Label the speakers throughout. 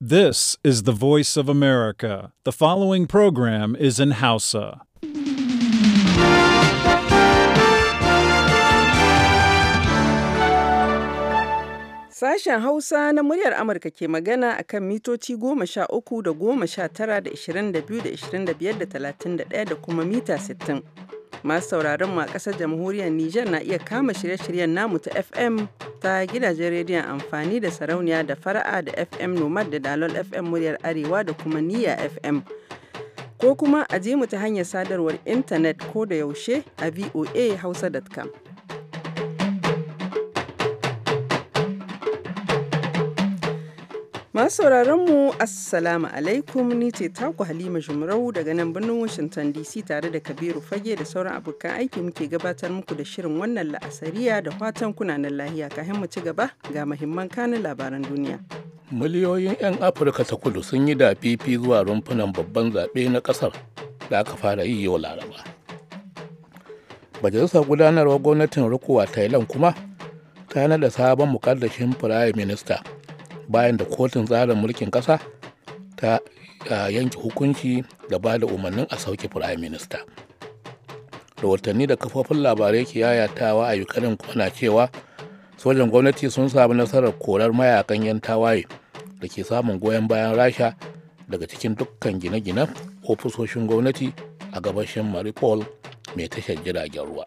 Speaker 1: This is the voice of America. The following program is in Hausa.
Speaker 2: Sashen Hausa na muryar Amurka ke magana a kan mitoci goma sha uku da goma sha tara da ishirin da biyu da ishirin da biyar da talatin da ɗaya da kuma mita sittin. Masu sauraron mu a ƙasar jamhuriyar Nijar na iya kama shirye-shiryen namu ta FM ta gidajen rediyon amfani da sarauniya da fara'a da FM Nomad da Dalol FM muryar Arewa da kuma Niyya FM. Ko kuma a mu ta hanyar sadarwar intanet ko da yaushe a voa hausa.com. Masu mu Assalamu alaikum ni ce taku Halima Jumrau daga nan birnin Washington DC tare da Kabiru Fage da sauran abokan aiki muke gabatar muku da shirin wannan la'asariya da fatan kunanan lahiya ka mu ci gaba ga mahimman kanin labaran duniya.
Speaker 3: Miliyoyin 'yan Afirka ta kudu sun yi da fifi zuwa rumfunan babban zaɓe na ƙasar da aka fara yi yau Laraba. Majalisar gudanarwa gwamnatin Rukuwa Thailand kuma ta da sabon mukaddashin Firayim Minista. bayan da kotun tsarin mulkin ƙasa ta yanke hukunci da ba da umarnin a sauke firayim minista rahotanni da kafofin labarai ke yayatawa a ukraine kuma cewa sojan gwamnati sun sami nasarar korar mayakan yan tawaye da ke samun goyon bayan rasha daga cikin dukkan gine-gine ofisoshin gwamnati a gabashin maripol mai tashar jiragen ruwa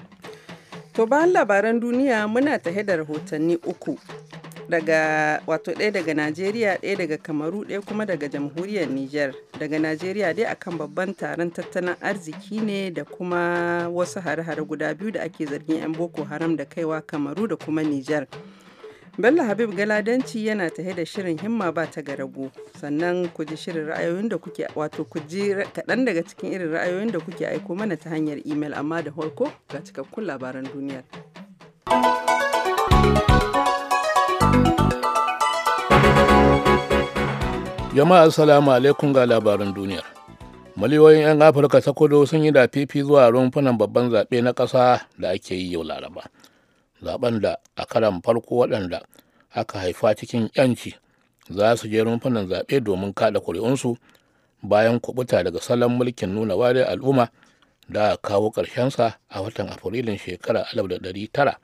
Speaker 2: to bayan labaran duniya muna tahe da rahotanni uku daga wato ɗaya daga Najeriya ɗaya daga Kamaru ɗaya kuma daga jamhuriyar niger daga Najeriya dai akan babban taron tattalin arziki ne da kuma wasu hare-hare guda biyu da ake zargin 'yan Boko Haram da kaiwa Kamaru da kuma niger. Bello Habib Galadanci yana tahe da shirin himma ba ta garago sannan ku ji shirin ra'ayoyin da kuke wato ku ji kaɗan daga cikin irin ra'ayoyin da kuke aiko mana ta hanyar imel amma da holko ga cikakkun labaran duniyar.
Speaker 3: Jama'a assalamu alaikum ga labaran duniyar. Miliyoyin 'yan Afirka ta kudu sun yi da fifi zuwa rumfunan babban zaɓe na ƙasa da ake yi yau Laraba. Zaɓen da a karan farko waɗanda aka haifa cikin 'yanci za su je rumfunan zaɓe domin kaɗa ƙuri'unsu bayan kubuta daga salon mulkin nuna wariyar al'umma da a kawo ƙarshensa a watan afrilun shekara da da tara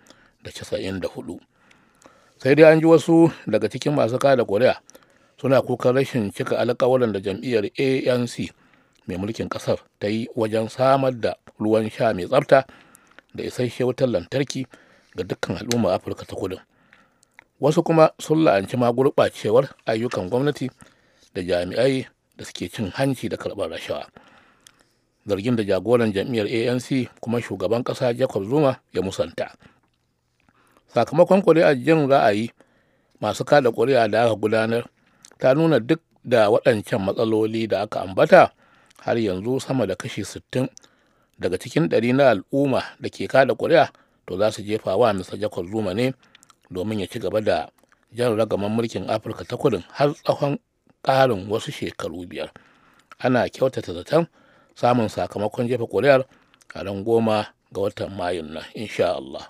Speaker 3: 1994 sai dai an ji wasu daga cikin masu kada ƙuri'a suna kukan rashin cika alkawalan da jam'iyyar anc mai mulkin kasar ta yi wajen samar da ruwan sha mai tsafta da isasshe wutar lantarki ga dukkan al'ummar afirka ta kudu wasu kuma sun la'anci ma gurɓacewar ayyukan gwamnati da jami'ai da suke cin hanci da karɓar rashawa zargin da jagoran jam'iyyar anc kuma shugaban ƙasa jacob zuma ya musanta sakamakon ƙuri'ar jin ra'ayi masu kada ƙuri'a da aka gudanar ta nuna duk da waɗancan matsaloli da aka ambata har yanzu sama da kashi 60 daga cikin ɗari na al'umma da ke kada ƙuri'a to za su jefa wa Mr. Jacob Zuma ne domin ya ci gaba da jan ragaman mulkin Afirka ta kudin har tsawon ƙarin wasu shekaru biyar. Ana kyautata zaton samun sakamakon jefa ƙuri'ar a ran goma ga watan Mayun nan, insha Allah.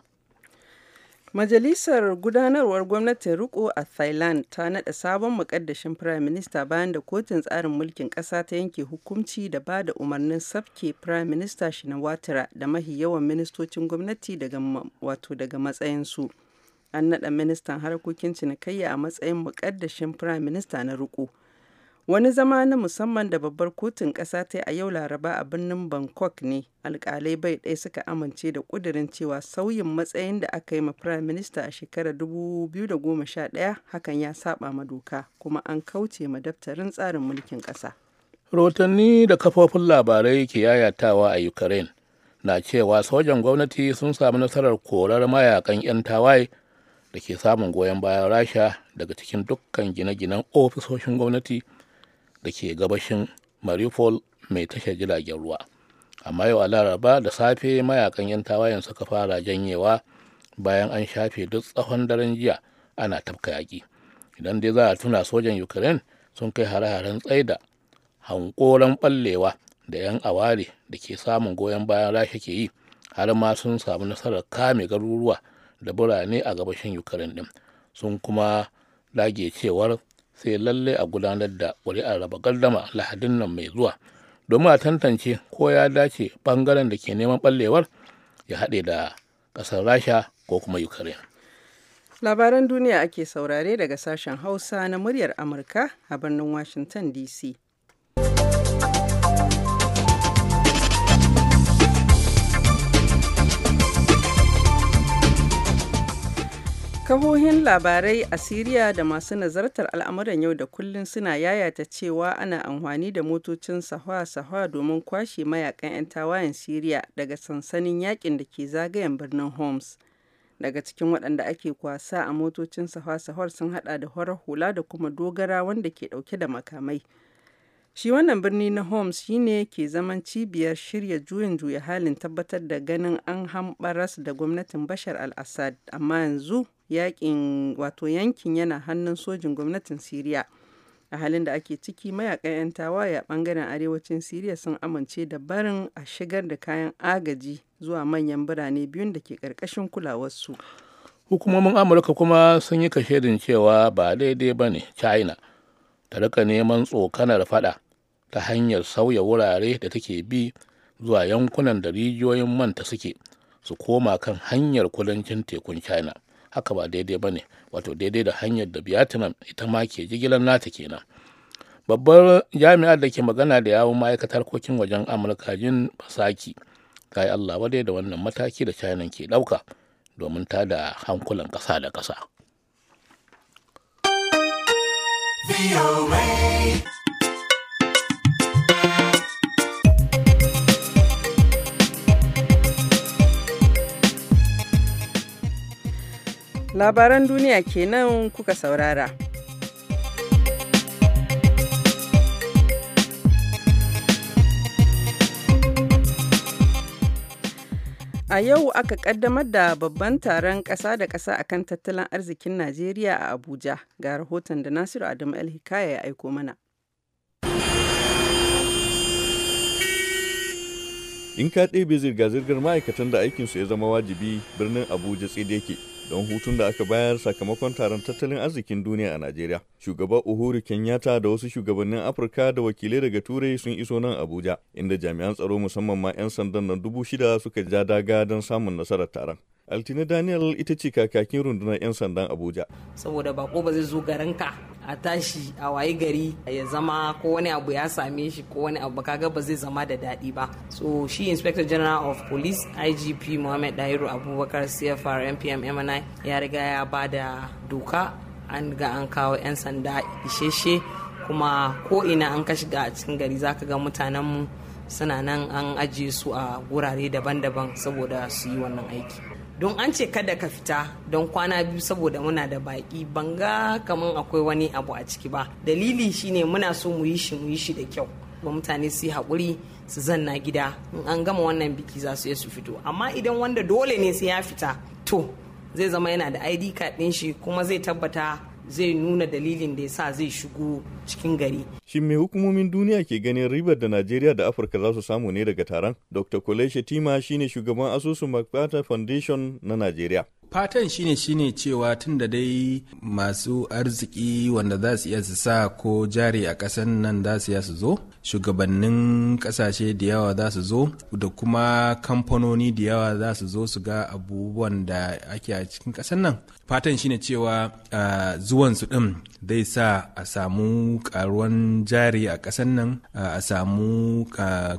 Speaker 2: Majalisar Gudanarwar Gwamnatin Riko a Thailand ta nada sabon muƙaddashin firaminista bayan da kotun tsarin mulkin kasa ta yanke hukunci da ba da umarnin safke firaminista Shinawatra da mahi yawan ministocin gwamnati daga wato daga matsayinsu. An nada ministan harkokin cinikayya a matsayin muƙaddashin firaminista na riko. Wani zama na musamman da babbar kotun ƙasa ta yi a yau Laraba a birnin Bangkok ne, alkalai bai ɗaya suka amince da ƙudurin cewa sauyin matsayin da aka yi ma Firayim Minista a shekarar 2011 hakan ya saba ma doka kuma an kauce ma daftarin tsarin mulkin ƙasa.
Speaker 3: Rotanni da kafofin labarai ke yayatawa a Ukraine na cewa sojan gwamnati sun samu nasarar korar mayakan 'yan tawaye da ke samun goyon bayan Rasha daga cikin dukkan gine-ginen ofisoshin gwamnati. da ke gabashin mariupol mai tashar jiragen ruwa amma yau a laraba da safe mayakan yan tawayen suka fara janyewa bayan an shafe duk tsawon daren jiya ana tafka yaƙi idan dai za a tuna sojan ukraine sun kai hare-haren tsaida hankoran ɓallewa da 'yan aware da ke samun goyon bayan rasha ke yi har ma sun samu nasarar kame garuruwa da birane a gabashin ukraine ɗin sun kuma lage cewar sai lalle a gudanar da ƙuri'ar raba gardama lahadin nan mai zuwa domin a tantance ko ya dace ɓangaren da ke neman ɓallewar ya haɗe da ƙasar rasha ko kuma ukraine
Speaker 2: labaran duniya ake saurare daga sashen hausa na muryar amurka a birnin washington dc Kahohin labarai a Siriya da masu nazartar al'amuran yau da kullum suna yayata cewa ana amfani da motocin sahwa-sahwa domin kwashe mayakan 'yan tawayen Siriya daga sansanin yakin da ke zagayen birnin Homs. Daga cikin waɗanda ake kwasa a motocin sahwa-sahwar sun haɗa da horar hula da kuma dogara wanda ke ɗauke da makamai. Shi wannan birni na Homs shine ke zaman cibiyar shirya juyin juya halin tabbatar da ganin an hambaras da gwamnatin Bashar al-Assad, amma yanzu yakin wato yankin yana hannun sojin gwamnatin Siriya. A halin da ake ciki mayakan 'yan tawaye a bangaren arewacin Siriya sun amince da barin a shigar da kayan agaji zuwa manyan birane biyun da ke karkashin kulawarsu.
Speaker 3: Hukumomin Amurka kuma sun yi kashedin cewa ba daidai ba ne China ta rika neman tsokanar fada ta hanyar sauya wurare da take bi zuwa yankunan da rijiyoyin manta suke su koma kan hanyar kudancin tekun China. haka ba daidai ba ne wato daidai da hanyar da biyatinam ita ma ke jigilar nata kenan babbar jami'ar da ke magana da yawon ma'aikatar kokin wajen amurka jin fasaki ta yi allah wadai da wannan mataki da china ke ɗauka domin ta da hankulan ƙasa da ƙasa.
Speaker 2: Labaran duniya kenan kuka saurara. A yau aka kaddamar da babban taron ƙasa da ƙasa akan tattalin arzikin Najeriya a Abuja ga rahoton da Nasiru Adamu Alhikaya ya aiko mana.
Speaker 4: In ka ɗebe zirga-zirgar ma'aikatan da aikinsu ya zama wajibi birnin Abuja tsaye yake don hutun da aka bayar sakamakon taron tattalin arzikin duniya a Najeriya. Shugaba Uhuru Kenyatta da wasu shugabannin Afirka da wakilai daga Turai sun iso nan Abuja, inda jami'an tsaro musamman ma 'yan sandan nan dubu shida suka ja daga don samun nasarar taron. Altina Daniel ita ce kakakin rundunar 'yan sandan Abuja.
Speaker 2: Saboda bako ba zai zo garin ka a tashi a waye gari ya zama ko wani abu ya same shi ko wani abu kaga ba zai zama da daɗi ba. So shi Inspector General of Police IGP Mohammed Dairu Abubakar CFR NPM MNI ya riga ya ba da doka an ga an kawo 'yan sanda isheshe kuma ko ina an ka shiga a cikin gari zaka ga mutanenmu suna nan an ajiye su a gurare daban-daban saboda su yi wannan aiki. don an ce kada ka fita don kwana biyu saboda muna da baki banga kamar akwai wani abu a ciki ba dalili shine muna so mu yi shi mu yi shi da kyau ba mutane su yi haƙuri su zanna gida in an gama wannan biki za su iya su fito amma idan wanda dole ne sai ya fita to zai zama yana da id card din shi kuma zai tabbata zai nuna dalilin da ya sa zai shigo
Speaker 4: cikin gari. Shin me hukumomin duniya ke ganin ribar da Najeriya da Afirka za su samu ne daga taron? Dr. Tima shi shine shugaban asusun MacArthur Foundation na Najeriya. Fatan shi ne
Speaker 1: cewa tun da dai masu arziki wanda za su iya su sa ko jari a ƙasan nan za su iya su zo, shugabannin kasashe da yawa za su zo da kuma kamfanoni da yawa za su zo su ga abubuwan da ake a cikin ƙasar nan fatan shine cewa zuwan su ɗin zai sa a samu karuwan jari a ƙasar nan a samu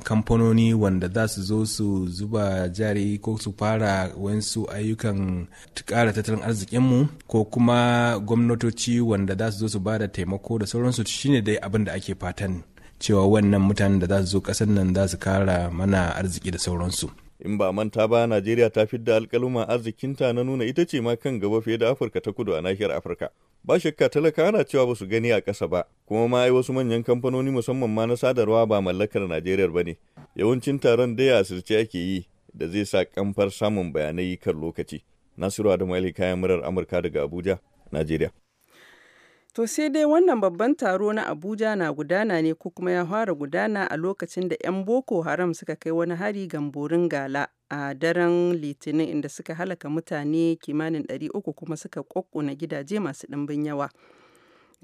Speaker 1: kamfanoni wanda za su zo su zuba jari ko su fara wasu ayyukan ƙara tattalin arzikinmu ko kuma gwamnatoci wanda za su zo su ba da taimako da sauransu shine dai abin da ake fatan cewa wannan mutanen da za su zo kasar nan za su kara mana arziki
Speaker 4: da sauransu. in ba manta ba Najeriya ta fi da alkaluma arzikinta na nuna ita ce ma kan gaba fiye da Afirka ta kudu a nahiyar Afirka. Ba shakka talaka ana cewa ba su gani a ƙasa ba, kuma ma ai wasu manyan kamfanoni musamman ma na sadarwa ba mallakar Najeriya ba ne. Yawancin taron dai asirce ake yi da zai sa kamfar samun bayanai kan lokaci. Nasiru Adamu Ali kayan murar Amurka daga Abuja, Najeriya.
Speaker 2: To sai dai wannan babban taro na Abuja na gudana ne ko kuma ya fara gudana a lokacin da 'yan Boko Haram suka kai wani hari Gamborin Gala a daren Litinin inda suka halaka mutane kimanin 300 kuma suka kokkona gidaje masu ɗimbin yawa.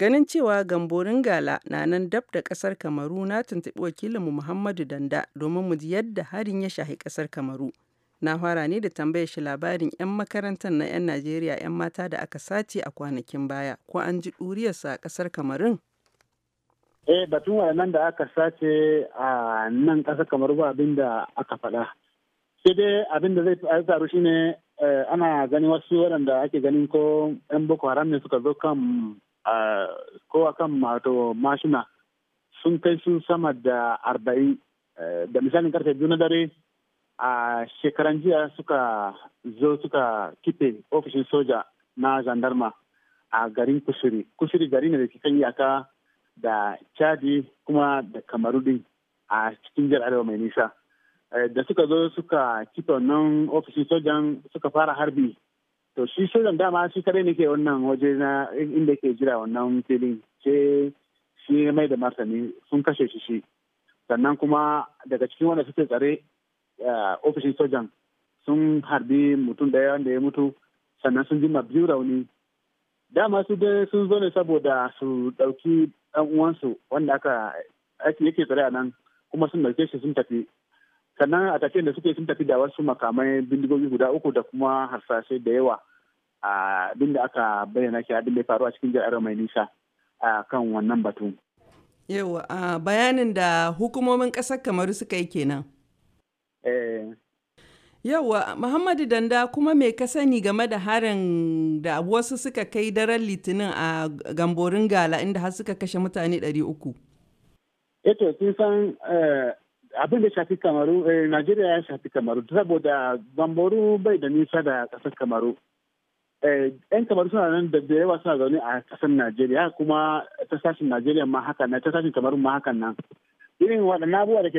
Speaker 2: Ganin cewa Gamborin Gala na nan dab da ƙasar Kamaru na tuntuɓi wakilinmu Muhammadu Danda domin mu ji yadda harin ya shahi ƙasar Kamaru. Na fara ne da tambayar shi labarin 'yan makarantar na 'yan Najeriya 'yan mata da aka sace a kwanakin baya, ko an ji ɗuriyarsa a ƙasar Kamarun?
Speaker 5: Eh, batun wayannan da aka sace a nan ƙasar kamar ba abin da aka faɗa. Sai dai abin da zai faru shine eh, ana gani wasu waɗanda ake ganin ko 'yan Boko Haram ne suka zo kan kowa kan mato mashina sun kai su sama da arba'in eh, da misalin karfe biyu na dare a shekaran jiya suka zo suka kife ofishin soja na gendarma a garin kusuri kusuri gari ne da ke kan iyaka da chadi kuma da kamaru a cikin jihar arewa mai nisa eh, da suka zo suka kife wannan ofishin sojan suka fara harbi to shi sojan dama shi kare ne ke wannan waje na inda ke jira wannan filin ce shi mai da martani sun kashe shi shi sannan kuma daga cikin wanda suke tsare Eh, ofishin sojan sun harbi mutum ɗaya wanda ya mutu sannan sun jima biyu rauni dama su dai sun zo ne saboda su ɗauki ɗan uwansu wanda aka yake tsare a nan kuma sun ɗauke shi sun tafi sannan a tafiyan da suke sun tafi da wasu makamai bindigogi guda uku da kuma harsashe da yawa a abin da aka bayyana shi abin da ya faru a cikin jihar mai nisa a kan wannan batu.
Speaker 2: Yawa bayanin da hukumomin ƙasar Kamaru suka yi kenan. Eh. Yawa Muhammadu Danda kuma me ka sani game da harin da wasu suka kai daren Litinin a gamborin gala inda har suka kashe mutane 300.
Speaker 5: Eto sun san eh, abin da shafi kamaru eh, Najeriya ya shafi kamaru saboda gamboru bai da nisa da kasar kamaru. Yan kamaru suna nan da yawa suna zaune a kasar Najeriya kuma ta sashen Najeriya ma hakan nan ta sashen kamaru ma hakan nan. irin waɗannan abubuwa da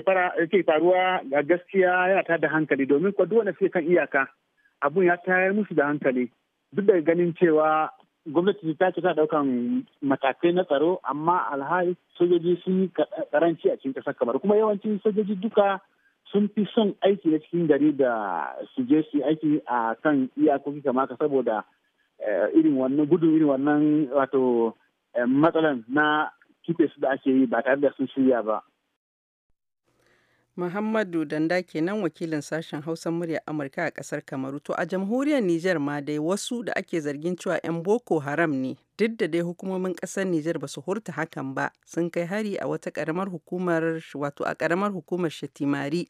Speaker 5: ke faruwa ga gaskiya yana ta da hankali domin kwa duk wanda suke kan iyaka abun ya tayar musu da hankali duk da ganin cewa gwamnati ta ce ta ɗaukan matakai na tsaro amma alhali sojoji sun yi karanci a cikin ƙasar kamar kuma yawancin sojoji duka sun fi son aiki na cikin gari da su je su aiki a kan iyakoki kamar ka saboda eh, irin wannan gudun irin wannan wato eh, matsalan na kife su da ake yi ba tare da sun shirya ba.
Speaker 2: Muhammadu Danda kenan wakilin sashen Hausa murya Amurka a kasar Kamaru. To a jamhuriyar Nijar ma dai wasu da ake zargin cewa 'yan Boko Haram ne. Duk da dai hukumomin kasar Nijar ba su hurta hakan ba, sun kai hari a wata karamar hukumar wato a karamar hukumar Shatimari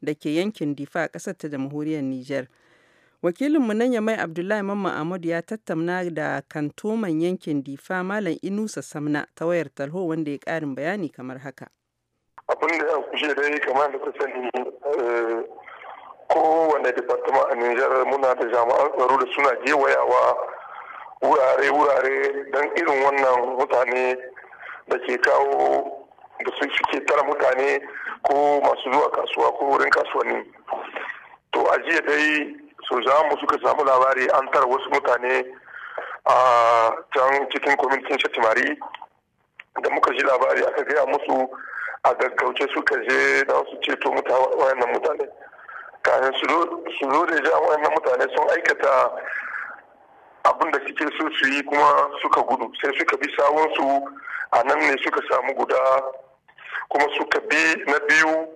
Speaker 2: da ke yankin Difa a kasar ta jamhuriyar Nijar. Wakilinmu nan Yamai Abdullahi Mamman Ahmad ya tattauna da kantoman yankin Difa Malam Inusa Samna ta wayar talho wanda ya karin bayani kamar haka.
Speaker 6: abin da ya kushe dai kamar da ku sani eh, kowane departama a Nijar muna da jama'an tsaro da suna wayawa, wurare-wurare don irin wannan mutane da ke kawo da su suke tara mutane ko masu zuwa kasuwa ko wurin kasuwanni to a jiya dai su mu suka samu labari an tara wasu mutane a can cikin kwamitin shatimari da muka ji labari aka gaya musu a gaggauce suka je da su ceto wayannan mutane kayan su zo da ja wayannan mutane sun aikata abin da suke so su yi kuma suka gudu sai suka bi sawunsu a nan ne suka samu guda kuma suka bi na biyu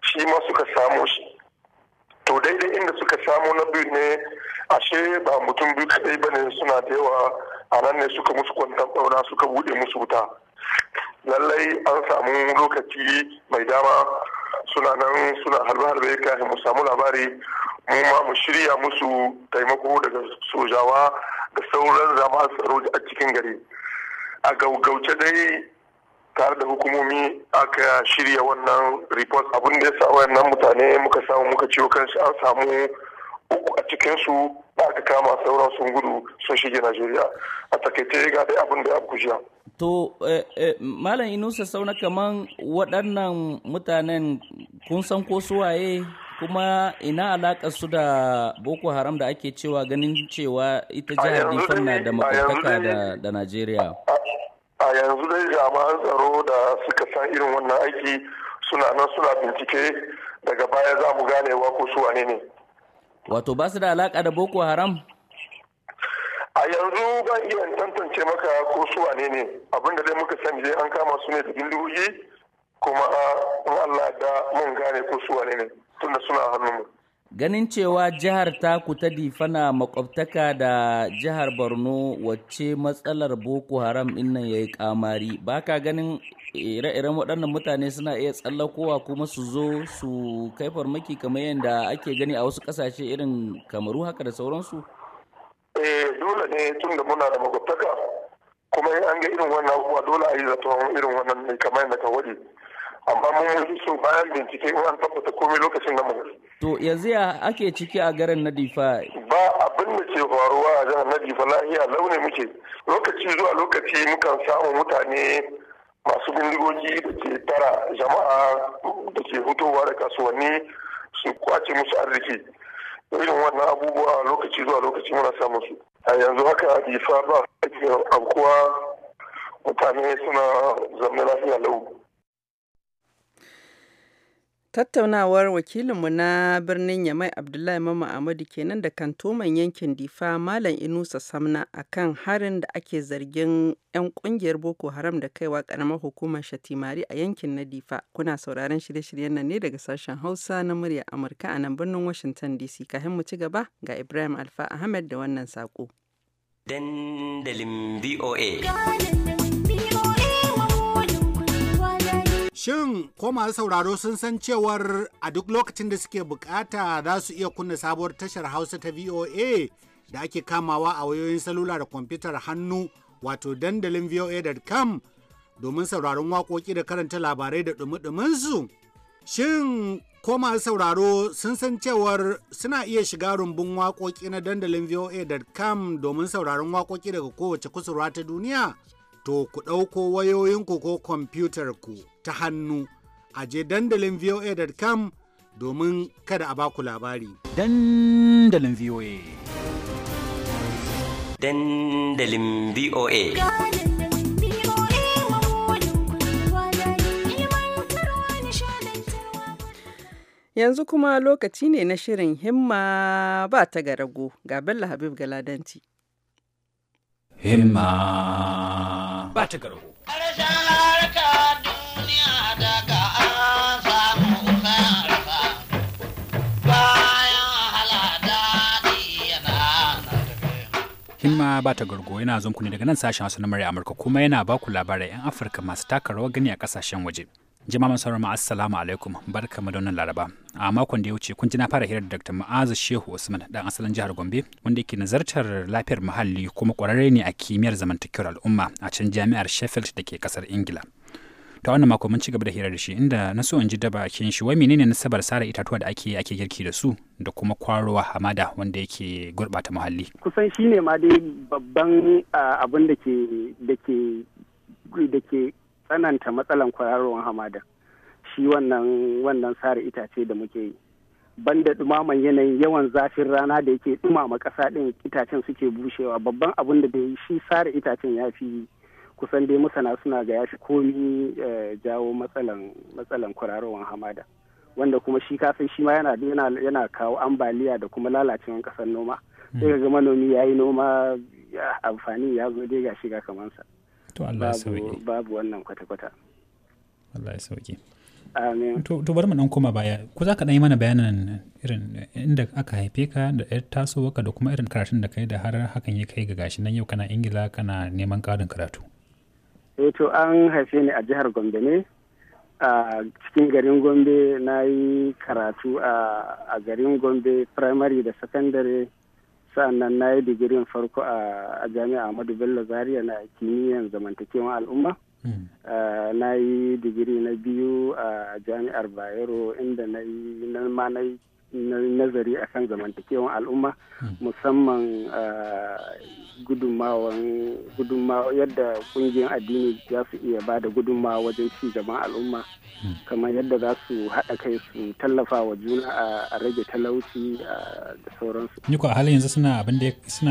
Speaker 6: shi ma suka samu shi to daidai inda suka samu na biyu ne ashe ba mutum biyu kadai bane suna da yawa a nan ne suka musu kwantar ɓauna suka buɗe musu wuta lallai an samu lokaci mai dama suna nan suna harbe-harbe kafin mu samu labari mu ma mu shirya musu taimako daga sojawa da sauran zama tsaro a cikin gari a gaugauce dai tare da hukumomi aka shirya wannan report abin da ya sa wayannan mutane muka samu muka ciwo kansu an samu uku a cikinsu da aka kama sauran sun gudu sun shige najeriya a takaice ga dai abin da ya kujiya
Speaker 7: To, eh, eh, Malam Inusa Sauna kaman waɗannan mutanen kun san ko suwaye kuma ina alaƙar su da Boko Haram da ake cewa ganin cewa ita jihar Difan na da makwabtaka da Najeriya.
Speaker 6: A yanzu dai jami'an tsaro da suka san irin wannan aiki suna nan suna bincike daga baya za mu ganewa ko su wane ne.
Speaker 7: Wato ba su da alaƙa da Boko Haram?
Speaker 6: a yanzu ban iya tantance maka ko su wane ne abinda dai muka sani dai an kama su ne da bindigogi kuma ah, in Allah da mun gane ko su wane ne tunda suna
Speaker 7: hannun mu. Ganin cewa jihar taku ta difana makwabtaka da jihar Borno wacce matsalar Boko Haram innan ya yi kamari baka ganin ire-iren waɗannan mutane suna iya tsallakowa kuma su zo su kai farmaki kamar yadda ake gani a wasu ƙasashe irin kamaru haka da sauransu? eh dole ne
Speaker 6: tun da muna da magwataka kuma an ga irin wannan abubuwa dole a yi zato irin wannan mai kamar yadda ka waje amma mun yi su bayan bincike in an tabbata komai lokacin da mu
Speaker 7: to yanzu ya ake ciki a garin na ba
Speaker 6: abin da ke faruwa a jihar nadifa lahiya launi muke lokaci zuwa lokaci mukan samu mutane masu bindigogi da ke tara jama'a da ke hutowa da kasuwanni su kwace musu arziki irin wannan abubuwa lokaci zuwa lokaci muna samun su a yanzu haka difa ba ake kuwa mutane suna zama lafiya lau
Speaker 2: Tattaunawar wakilinmu na birnin Yamai Abdullahi Mama Amadu kenan da kantoman yankin Difa Malam Inusa Samna akan harin da ake zargin 'yan kungiyar Boko Haram da kaiwa karamar hukumar Shatimari a yankin na Difa. Kuna sauraron shirye-shiryen nan ne daga sashen Hausa na murya Amurka a nan birnin Washington DC. Kahin mu ci gaba ga Ibrahim Alfa Ahmed da wannan sako.
Speaker 7: Dandalin VOA.
Speaker 8: Shin ko masu sauraro sun san cewar a duk lokacin da suke bukata za su iya kunna sabuwar tashar Hausa ta VOA da ake kamawa a wayoyin salula da kwamfutar hannu wato dandalin voa.com domin sauraron waƙoƙi da karanta labarai da ɗumi Shin ko masu sauraro sun san cewar suna iya shiga rumbun waƙoƙi na dandalin voa.com domin sauraron waƙoƙi daga kowace kusurwa ta duniya? to ku ɗauko wayoyinku ko kwamfutar ku ta hannu a je dandalin voa.com domin kada a baku labari.
Speaker 1: Dandalin VOA.
Speaker 7: Dandalin VOA.
Speaker 2: Yanzu kuma lokaci ne na shirin himma ba ta garago ga Bello Habib Galadanti.
Speaker 1: himma ba ta garo. Himma ba ta gargo yana zonku ne daga nan sashen wasu na murya Amurka kuma yana ba ku labarai 'yan Afirka masu taka rawar gani a kasashen waje. Jama'a sauran rama assalamu alaikum barka mu da laraba. A makon da ya wuce kun ji na fara hirar da Dr. Ma'azu Shehu Usman dan asalin jihar Gombe wanda yake nazartar lafiyar muhalli kuma kwararre ne a kimiyyar zamantakewar al'umma a can jami'ar Sheffield da ke kasar Ingila. Ta wannan mako mun ci gaba da hirar da shi inda na so in ji daba kin shi wai menene nasabar sara itatuwa da ake ake girki da su da kuma kwarowa hamada wanda yake gurbata muhalli.
Speaker 8: Kusan shine ma dai babban ah, abin da ke da ke da ke tsananta matsalan kwararowar hamada shi wannan wannan sare itace da muke yi banda dumaman yanayin yawan zafin rana da yake dumama kasa din itacen suke bushewa babban abin da bai shi sare itacen ya fi kusan dai masana suna ga ya fi komi eh, jawo matsalan matsalan kwararowar hamada wanda kuma shi kafin shi ma yana kawo ambaliya da kuma lalacewar kasar noma hmm. sai ga manomi ya yi noma amfani ya zo dai ga shiga kamansa. to Allah ya sauki. babu wannan
Speaker 1: kwata-kwata Allah ya sauki. to bari mu dan koma baya ku za ka dan yi mana bayanan irin inda aka haife ka da yar tasowarka da kuma irin karatun da kai da har hakan ya kai ga gashi nan yau kana ingila kana neman ƙarin karatu
Speaker 8: eh to an haife ni a jihar gombe ne a cikin garin gombe na yi karatu a garin gombe primary da secondary nan na yi digirin farko a jami'a Ahmadu Bello Zaria na kimiyyar zamantakewan al'umma. Hmm. Na yi digiri na biyu a jami'ar Bayero inda na yi na yi nazari a kan zamantakewan al'umma hmm. musamman ah, gudunmawa yadda kungiyar addini za su iya ba da gudunmawa wajen ci gaban al'umma hmm. kamar yadda za su haɗa kai su tallafa wa juna a rage talauci da sauransu.
Speaker 1: Ni a halin yanzu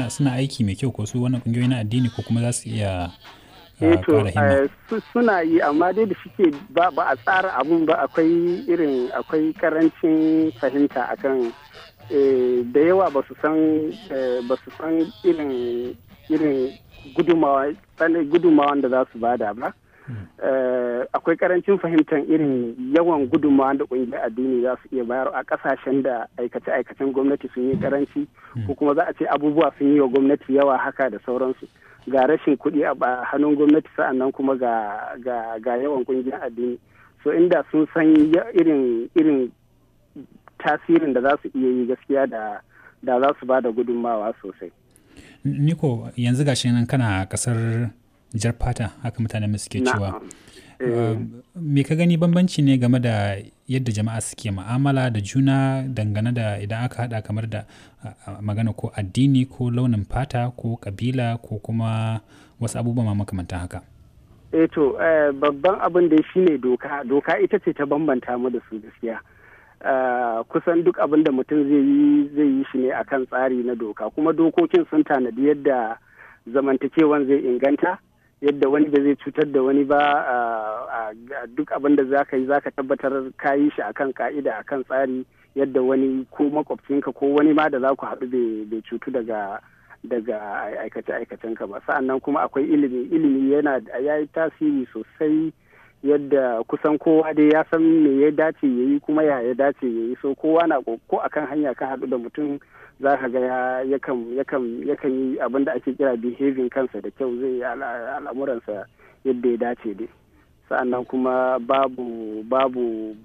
Speaker 1: suna aiki mai kyau ko su wani kungiyoyi na addini ko kuma za su iya Eh to eh,
Speaker 8: suna yi amma dai da suke ba a tsara abun ba akwai irin akwai karancin fahimta akan eh, da yawa ba su san irin irin gudumawan da za su bada ba hmm. akwai karancin fahimtar irin yawan gudunmawa da kungiyar addini za su iya bayar a kasashen da aikace-aikacen gwamnati sun yi karanci hmm. ko kuma za a ce abubuwa sun yi wa gwamnati yawa haka da sauransu ga rashin kuɗi a hannun gwamnati sa'annan kuma ga yawan ƙungiyar addini so inda sun san irin irin tasirin da za su iya yi gaskiya da da za su ba da gudunmawa sosai
Speaker 1: niko yanzu gashi nan kana kasar jar fata haka mutanen suke cewa Ehm, me ka gani bambanci ne game da yadda jama'a suke ma'amala da juna dangane da idan aka hada kamar da magana ko addini ko launin fata ko kabila ko kuma wasu abubuwa makamantan haka
Speaker 8: eh to eh, babban abin da shi ne doka doka ita ce ta bambanta mu da su gaskiya eh, kusan duk abin da mutum zai yi zai yi shi ne akan tsari na doka kuma dokokin sun tanadi yadda zamantakewan zai inganta yadda wani ba zai cutar da wani ba duk abin da zaka yi zaka tabbatar ka yi shi akan ka'ida akan tsari yadda wani ko makwabcinka ko wani ma da za ku haɗu bai cutu daga daga aikace aikacenka ba sa'annan kuma akwai ilimi ilimi yana ya yi tasiri sosai yadda kusan kowa dai ya san me ya dace ya yi kuma ya ya dace ya yi so kowa na ko akan hanya ka haɗu da mutum za ka ga yakan yakan yakan yi abin da ake kira behaving kansa da kyau zai yi al'amuransa yadda ya dace dai sa'annan kuma babu babu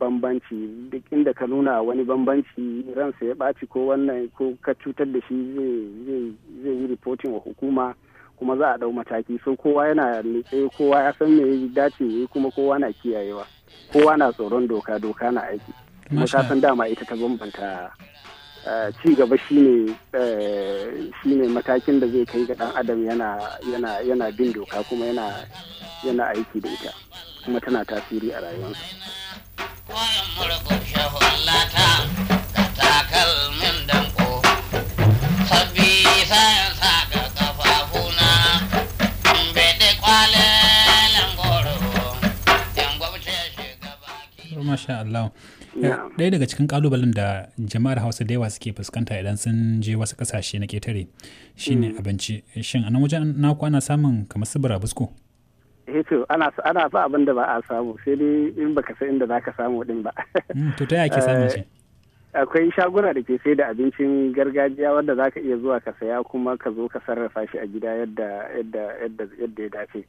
Speaker 8: bambanci duk inda ka nuna wani bambanci ransa ya ɓaci ko wannan ko ka cutar da shi zai yi reporting wa hukuma kuma za a dau mataki so kowa yana nitse kowa ya san me dace ne kuma kowa na kiyayewa kowa na tsoron doka doka na aiki
Speaker 4: kuma ka dama
Speaker 8: ita ta bambanta Eh, ci gaba shine eh, shine matakin da zai kai ga dan adam yana yana bin doka kuma yana yana aiki da ita kuma tana tasiri a rayuwarsa
Speaker 1: Masha Allah. ɗaya daga cikin kalubalen da jama'ar hausa da yawa suke fuskanta idan sun je wasu ƙasashe na ƙetare shine mm. abinci shin a nan wajen naku ana samun kamar su burabusko
Speaker 8: eh to ana ana abin da ba a samu sai dai in baka san inda zaka samu din ba
Speaker 1: mm, to ta yake eh, samun shi
Speaker 8: akwai shaguna da ke sai da abincin gargajiya wanda zaka iya zuwa ka saya kuma ka zo ka sarrafa shi a gida yadda yadda yadda ya dace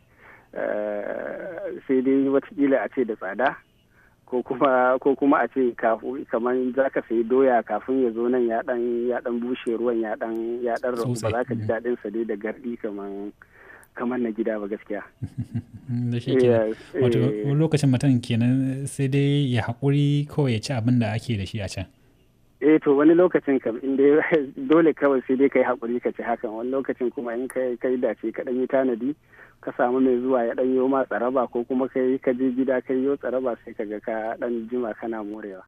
Speaker 8: eh, sai dai wata a ce da tsada ko kuma ko kuma a ce kamar za ka sayi doya kafin ya zo nan ya dan ya dan bushe ruwan ya dan ya dan rabu ba za ka ji dadin sa dai da gardi kamar kamar na gida ba gaskiya
Speaker 1: da shi ke wato eh. lokacin mutum kenan sai dai ya haƙuri ko ya ci abin da ake da shi a can
Speaker 8: eh to wani lokacin kam in dai dole kawai sai dai kai hakuri ka ci hakan wani lokacin kuma in kai kai dace ka dan yi tanadi ka samu mai zuwa ya dan yo ma tsaraba ko kuma kai ka je gida kai yo tsaraba sai ka ga ka dan jima kana morewa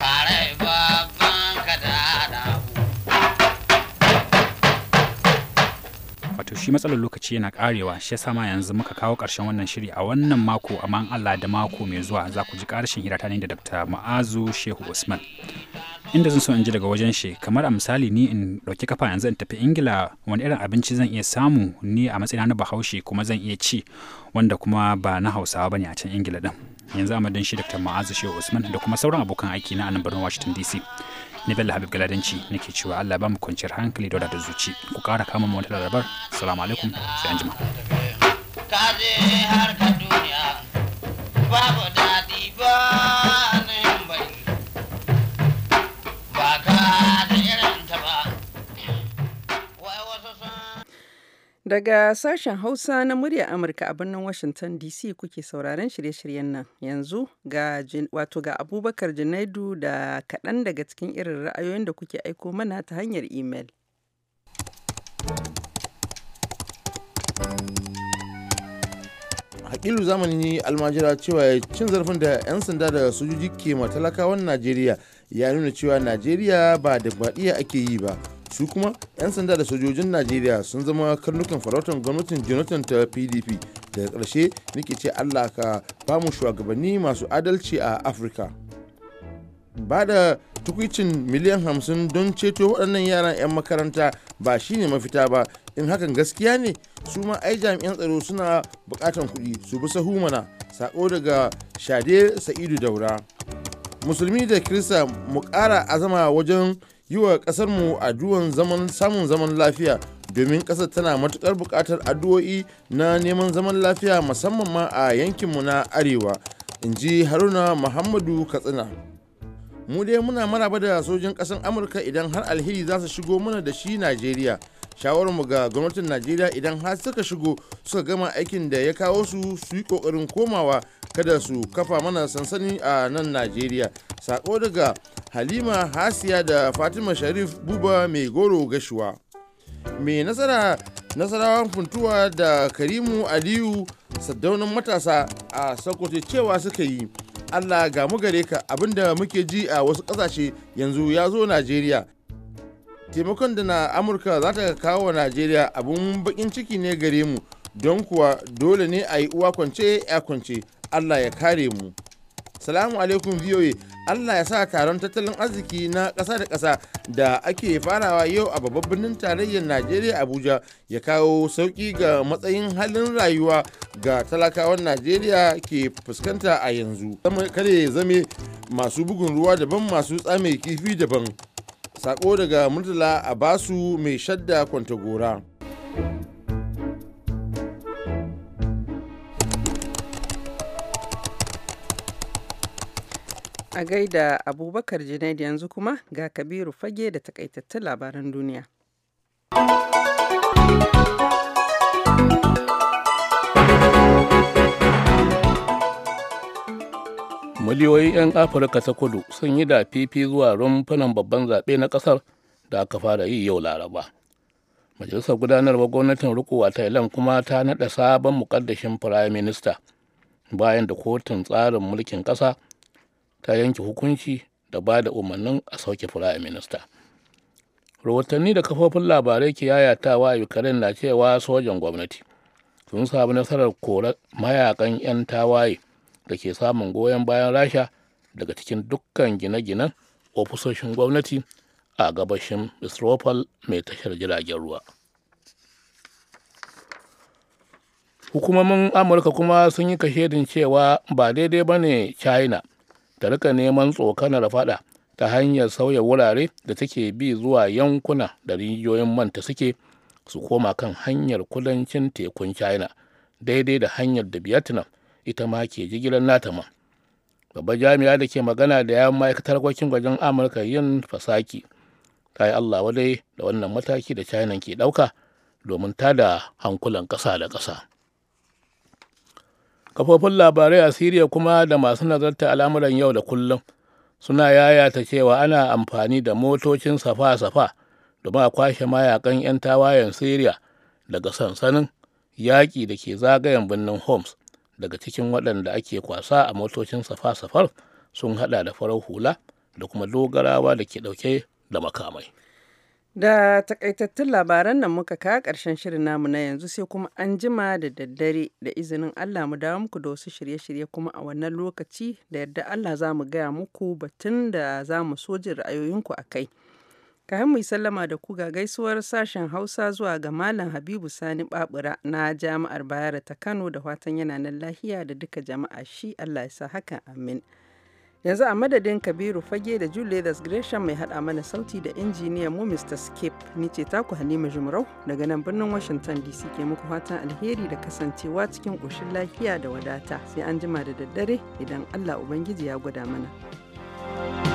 Speaker 1: wato shi matsalar lokaci yana karewa shi yasa sama yanzu muka kawo karshen wannan shiri a wannan mako amma Allah da mako mai zuwa za ku ji karshen ta ne da Dr. Ma'azu Shehu Usman inda zan so in ji daga wajen shi kamar a misali ni in ɗauki kafa yanzu in tafi ingila wani irin abinci zan iya samu ni a matsayina na bahaushe kuma zan iya ci wanda kuma ba na hausawa ne a can ingila din yanzu a madan shi dr ma'azu shehu usman da kuma sauran abokan aiki na anan birnin washington dc ni bella habib galadanci nake cewa allah ba mu kwanciyar hankali da wadatar zuci ku kara kama mu wata larabar salamu alaikum sai an jima. har
Speaker 6: ka duniya babu da
Speaker 2: Daga sashen Hausa na murya Amurka a birnin Washington DC kuke sauraron shirye-shiryen nan yanzu ga wato ga Abubakar Janaidu da kaɗan daga cikin irin ra'ayoyin da kuke aiko mana ta hanyar imel.
Speaker 9: hakilu zamani almajira cewa cin zarafin da 'yan sanda da sojoji ke matalakawan najeriya ya nuna cewa najeriya ba da ake yi ba su kuma 'yan sanda da sojojin najeriya sun zama karnukan farautar gwamnatin jonathan ta pdp daga ƙarshe nake ce allah ka bamu shugabanni masu adalci a afirka ba da tukwicin miliyan hamsin don ceto waɗannan yaran 'yan makaranta ba shine mafita ba in hakan gaskiya ne su ma ai jami'an tsaro suna buƙatan kuɗi su bi sahumana sako daga shade sa'idu daura musulmi da kirista mu ƙara azama wajen yi wa ƙasarmu addu'an zaman samun zaman lafiya domin ƙasar tana matuƙar buƙatar addu'o'i na neman zaman lafiya musamman ma a yankinmu na arewa in ji haruna muhammadu katsina mu dai muna maraba da sojin ƙasar amurka idan har alheri za su shigo mana da shi najeriya shawararmu ga gwamnatin najeriya idan har suka shigo suka gama aikin da ya kawo su su yi kokarin komawa kada su kafa mana sansani a nan najeriya sako daga halima hasiya da fatima sharif buba mai goro gashuwa mai nasara nasarawa funtuwa da karimu aliyu saddaunan matasa a sakwace cewa suka yi allah ga mu gare ka abinda muke ji a wasu ƙasashe yanzu ya zo najeriya taimakon da na amurka za ta kawo wa najeriya abun bakin ciki ne gare mu don kuwa dole ne a yi uwa kwance ya kwance allah ya kare mu salamu alaikum voa allah ya sa taron tattalin arziki na ƙasa da ƙasa da ake farawa yau a babban birnin tarayyar najeriya abuja ya kawo sauki ga matsayin halin rayuwa ga talakawan najeriya ke fuskanta a yanzu kada ya zame masu bugun ruwa daban masu tsame kifi daban Sako daga a basu mai shadda Kwantagora.
Speaker 2: A gaida Abubakar Junaid yanzu kuma ga Kabiru Fage da takaitattun labaran duniya.
Speaker 3: miliyoyin 'yan afirka ta kudu sun yi da fifi zuwa rumfunan babban zaɓe na ƙasar da aka fara yi yau laraba majalisar gudanarwa gwamnatin riko a thailand kuma ta naɗa sabon muƙaddashin firayim minista bayan da kotun tsarin mulkin ƙasa ta yanke hukunci da ba da umarnin a sauke firayim minista rahotanni da kafofin labarai ke yayatawa a ukraine na cewa sojan gwamnati sun samu nasarar kora mayakan 'yan tawaye da ke samun goyon bayan rasha daga cikin dukkan gine-ginen ofisoshin gwamnati a gabashin misropol mai tashar jiragen ruwa hukumomin amurka kuma sun yi kashedin cewa ba daidai ba ne china ta rika neman tsokanar fada ta hanyar sauya wurare da take bi zuwa yankuna da rijiyoyin manta suke su koma kan hanyar kudancin tekun china daidai da hanyar da vietnam ita ma ke jigilar nata ma babba jami'a da ke magana da yawon ma'aikatar harkokin gwajin amurka yin fasaki ta yi allah wadai da wannan mataki da china ke ɗauka domin ta da hankulan kasa da kasa. kafofin labarai a siriya kuma da masu nazarta al'amuran yau da kullum suna yayata cewa ana amfani da motocin safa-safa domin a kwashe mayakan 'yan tawayen siriya daga sansanin yaƙi da ke zagayen birnin homs daga cikin waɗanda ake kwasa a motocin safa-safar sun hada da farar hula da kuma dogarawa da ke ɗauke da makamai.
Speaker 2: Da takaitattun labaran nan muka kawo ƙarshen shirin namu na yanzu sai kuma an jima da daddare da izinin Allah mu dawo muku da wasu shirye-shirye kuma a wannan lokaci da yadda Allah za mu gaya muku batun da za mu sojin ra'ayoyinku a kai. Kayan mu sallama da ku ga gaisuwar sashen Hausa zuwa ga Malam Habibu Sani Babura na Jami'ar Bayero ta Kano da watan yana nan lahiya da duka jama'a shi Allah ya sa haka amin. Yanzu a madadin Kabiru Fage da Julius Gresham mai hada mana sauti da injiniyan mu Mr. Skip ni ce taku Halima Jumrau daga nan birnin Washington DC ke muku fatan alheri da kasancewa cikin ƙoshin lafiya da wadata sai an jima da daddare idan Allah Ubangiji ya gwada mana. thank you